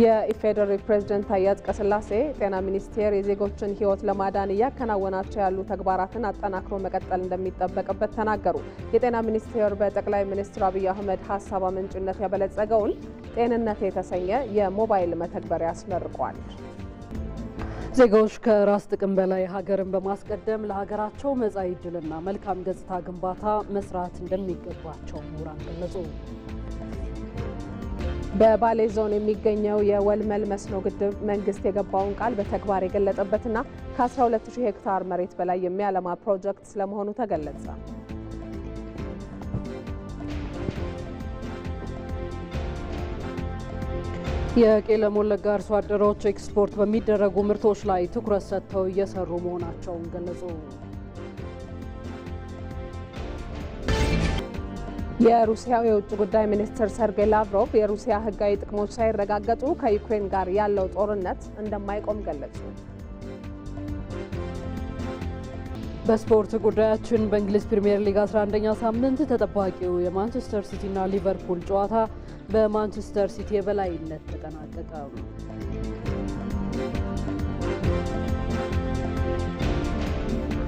የኢፌዴሪ ፕሬዝደንት ታዬ አጽቀሥላሴ ጤና ሚኒስቴር የዜጎችን ሕይወት ለማዳን እያከናወናቸው ያሉ ተግባራትን አጠናክሮ መቀጠል እንደሚጠበቅበት ተናገሩ። የጤና ሚኒስቴር በጠቅላይ ሚኒስትር አብይ አህመድ ሀሳብ አመንጭነት ያበለጸገውን ጤንነት የተሰኘ የሞባይል መተግበሪያ አስመርቋል። ዜጋዎች ከራስ ጥቅም በላይ ሀገርን በማስቀደም ለሀገራቸው መጻኢ ዕድልና መልካም ገጽታ ግንባታ መስራት እንደሚገባቸው ምሁራን ገለጹ። በባሌ ዞን የሚገኘው የወልመል መስኖ ግድብ መንግስት የገባውን ቃል በተግባር የገለጠበትና ከ120 ሄክታር መሬት በላይ የሚያለማ ፕሮጀክት ስለመሆኑ ተገለጸ። የቄለም ወለጋ አርሶ አደሮች ኤክስፖርት በሚደረጉ ምርቶች ላይ ትኩረት ሰጥተው እየሰሩ መሆናቸውን ገለጹ። የሩሲያው የውጭ ጉዳይ ሚኒስትር ሰርጌይ ላቭሮቭ የሩሲያ ሕጋዊ ጥቅሞች ሳይረጋገጡ ከዩክሬን ጋር ያለው ጦርነት እንደማይቆም ገለጹ። በስፖርት ጉዳያችን በእንግሊዝ ፕሪምየር ሊግ 11ኛ ሳምንት ተጠባቂው የማንቸስተር ሲቲና ሊቨርፑል ጨዋታ በማንቸስተር ሲቲ የበላይነት ተጠናቀቀ።